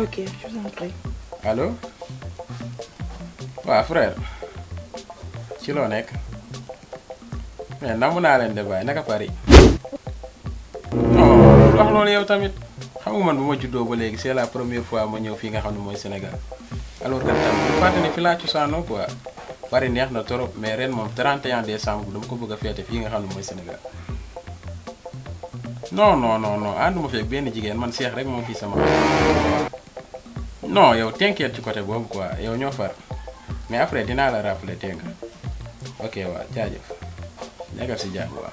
Ok, je vous en ci loo nekk mais namu naa leen de bàyyi naka Paris. non wax loolu yow tamit xam nga man bu ma juddoo ba léegi c'est la première fois ma ñëw fii nga xam ne mooy Sénégal alors que ne fi laa cosaanoo quoi Paris neex na trop mais ren moom 31 décembre dama ko bëgg a féete fii nga xam ne mooy Sénégal. non non non non ànduma feeg benn jigéen man Cheikh rek moom fii sama. non yow t'inquiète ci côté boobu quoi yow ñoo far mais après dinaa la rappeler teg ok waaw jaajëf nekkal si jàmm waaw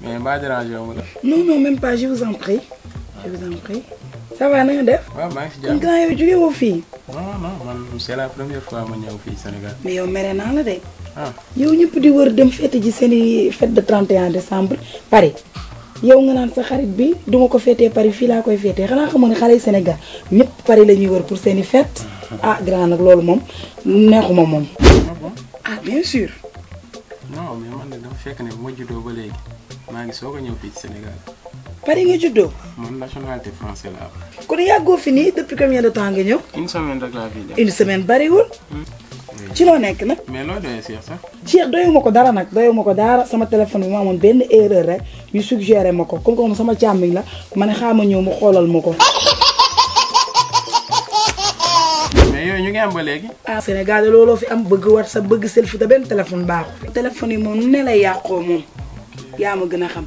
mais mbaa déranger wu ma la. non non même pas je vous en prie je vous def. waaw maa ngi si jàmm gannaaw yow fii. non ma ñëw fii Sénégal. mais yow mere naa la de. Ah. yow ñëpp di wër dem fête ji seen i fête de 31 décembre Paris. yow nga nan sa xarit bi du ma ko féetee Paris fi la koy fété xanaa xamone xalé Sénégal ñëpp Paris la ñuy wër pour seni fête mm-hmm. ah grand nak lolu mom neexuma mom ah, ah bien sûr. non mais man de dafa fekk né mo ma ba légui ma ngi soko ñew ñëw Sénégal. Paris nga juddoo. man nationalité française la ko kon yàggoo fini depuis combien de temps nga ñew une semaine rek la fi une semaine bari wul hmm? ci loo nekk nag. mais loo doyee Cheikh doyuma ko dara nag doyuma ko dara sama téléphone bi ma amoon benn erreur rek ñu suggéré ma ko comme comme sama càmmiñ la ma ne xaaral ma ñëw mu xoolal ma ko. mais yooyu ñu ngi am ba léegi. ah Sénégal looloo fi am bëgg WhatsApp bëgg selfie da benn téléphone baaxu fi. téléphone yi moom ne la yàqoo moom yaa ma gën a xam.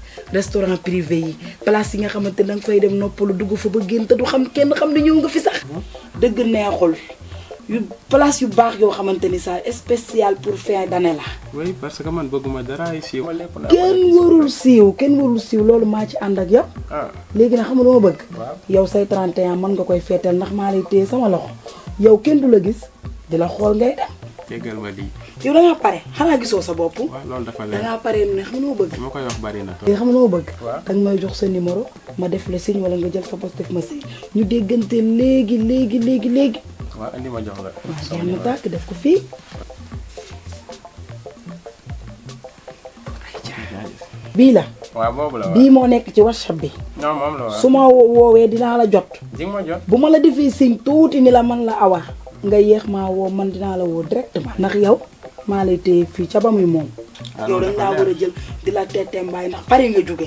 restaurant privé yi place yi nga xamante da nga fay dem lu dugg fa ba génn te du xam kenn xam ne ñëw nga fi sax. dëgg neexul yu place yu baax yoo xamante ni ça spécial pour fin d'année la. oui parce que man bëgguma dara ay siiw. kenn warul siiw kenn warul siiw loolu maa ci ànd ak yow. Ah. léegi nag xam nga lu bëgg. yow say 31 mën nga koy feetal ndax maa lay téye sama loxo yow kenn du la gis di la xool ngay dem. jéggal ma lii. yow da pare xanaa gisoo sa bopp. waaw loolu dafa leer ne xam loo bëgg. ma bari na. xam nga bëgg. waaw may jox sa numéro ma def la signe wala nga jël sa poste ma signe ñu déggante léegi léegi léegi léegi. waaw indi tàkk def ko fii. bii la. boobu la bii moo nekk ci whatsapp bi. non moom la su ma woowee dinaa la jot. ma bu ma la defee signe tuuti ni la man la awa. nga yéex maa woo man dinaa la woo directement ndax yow maa lay téye fii ca ba muy moom. Ah, yow dañ laa war a jël di la teetee mbaay ndax pare nga jóge.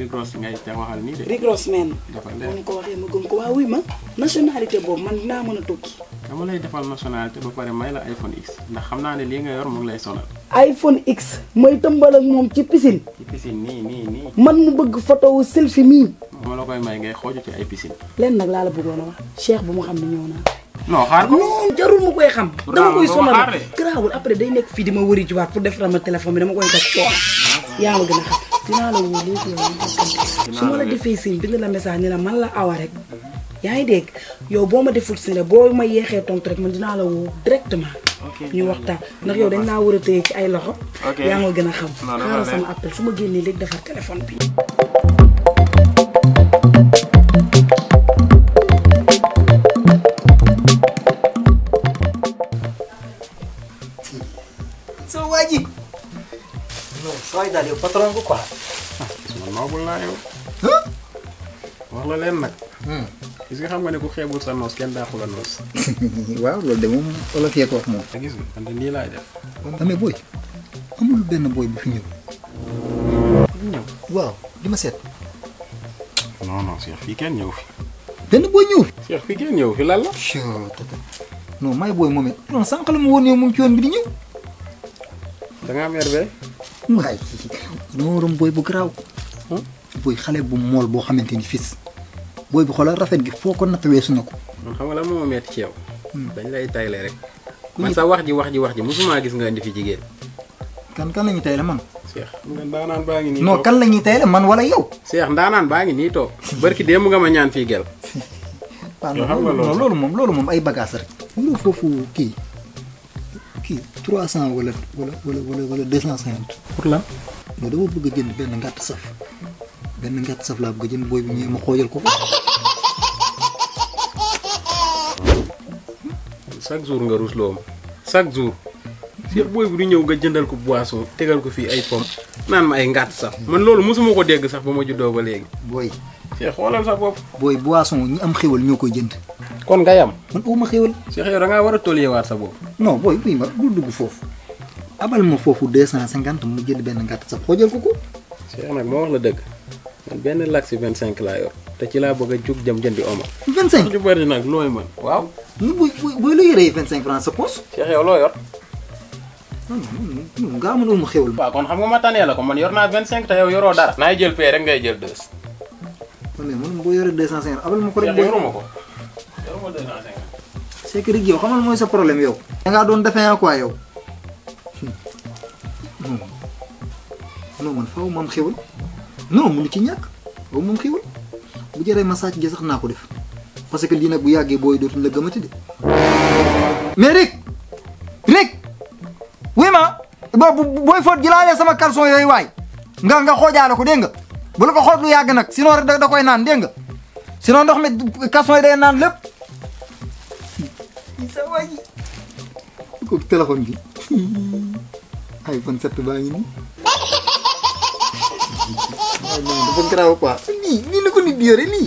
rigros ngay te waxal nii de. rigros men. dafa leer ko waxee ma gëm ko waaw ma nationalité boobu man dinaa mën a tukki. dama lay defal nationalité ba pare may la iPhone X ndax xam naa ne lii nga yor mu ngi lay sonal. iPhone X mooy tëmbal ak moom ci piscine. ci piscine nii nii nii. man mu bëgg photo wu selfie mii. ma la koy may ngay xooju ay piscine. lenn nag laa la bëggoon a wax xam ne ñëw non xaar ko non jarul ma koy xam. dama koy sonal garaawul après day nekk fii di ma wëri jiwaat pour def ma téléphone bi dama koy def coono. yaa ma a dinaa la woo léegi yow ma su la defee sëñ bi la message ni la man la awa rek. yaa ngi dégg yow boo ma deful si ne boo ma yeexee tontu rek man dinaa la woo directement. ñu waxtaan ndax yow dañ laa war a téye ci ay loxo. yaa ma gën a xam. xaaral sama appel su ma génnee léegi defar téléphone bi. سواجي No, عليه فترة نقطع بسم الله والله يو والله لمك gis nga xam nga ne ku xeebul sa noos kenn daaxu la noos waaw loolu de moom olof yeeg wax moom gis nga man de nii laay No, no. booy amul benn booy boy fi ñëw ñëw waaw di ma seet non non Cheikh fii kenn ñëw fi benn booy ñëw fi Cheikh fii kenn ñëw non may booy moom non sànq la ma woon yow moom dangaa mer be waay dama waroon booy bu garaaw booy xale bu mool boo xamante ni fis bu xoolal rafet gi foo ko natt weesu na ko xam nga la moo metti ci yow hmm. dañ lay tayle rek man sa wax ji wax ji wax ji gis nga indi fi kan kan la ñuy man Cheikh ndaanaan baa ngi nii non kan la ñuy man wala yow Cheikh ndaanaan baa ngi nii toog barki démb nga ma ñaan fii gel waaw loolu ay bagage rek kii trois cent wala wala wala wala deux cent cinquante. pour lan. non dama bëgg jënd benn ngàtt saf benn ngàtt saf laa bëgg jënd booy bi ñëwee ma xoojal ko. chaque nga ruus loo chaque jour. Cheikh booy bu ñëw nga jëndal ko boisson tegal ko fii ay pomme naan ma ay ngàtt saf. man loolu mësuma ko dégg sax ba ma juddoo ba léegi. booy. Cheikh xoolal sa bopp. booy boisson ñi am xéwal ñoo koy jënd. kon ngay am. man aw ma xéwal. Cheikh yow ngaa war a toll tolluwaat sa bopp. non booy buy ma bul dugg foofu abal ma foofu deux cent cinquante mu jënd benn ngàtt sax xoojal ko ko. Cheikh nag moo wax la dëgg man benn lax si vingt cinq laa yor te ci laa bëgg a jug jëm bi oma. vingt cinq ju bëri nag looy mën waaw. bu bu bu la yoree vingt cinq francs sa poche. Cheikh yow loo yor. nga amul mu xewul. waaw kon xam nga ma tànnee la ko man yor naa 25 te yow yoroo dara. naay jël paie ngay jël deux. mais man boo yoree 250 abal ko. c'est que rek yow xamal mooy sa problème yow. da ngaa doon defee quoi yow. non hmm. hmm. non man faaw moom xewal non munu ci ñàkk faaw moom xewal bu jëree massage gi sax naa ko def parce que lii nag bu yàggee booy dootuñ la gëmati de. mais rek rek wuy ma booy booy foot jëlaalee sama caleçon yooyu waay nga nga xoojaale ko dégg nga bu la ko xool lu yàgg nag sinon rek da naan dégg nga sinon ndox mi caleçon yi day naan lépp. Isawagi. Kok telepon di? iPhone satu bang ini. ini, telepon kenapa pak? Ini, ini aku nih dia ini.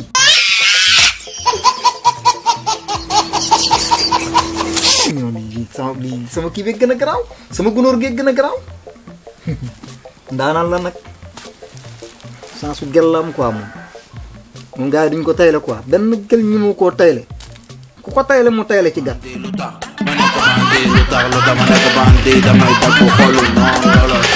sama bi sama kibek gana kerau sama gunur gek gana kerau dana lanak sa su gelam ko amu nga din ko tayle ko ben gel nyimu ko ku ko tayale tiga. ci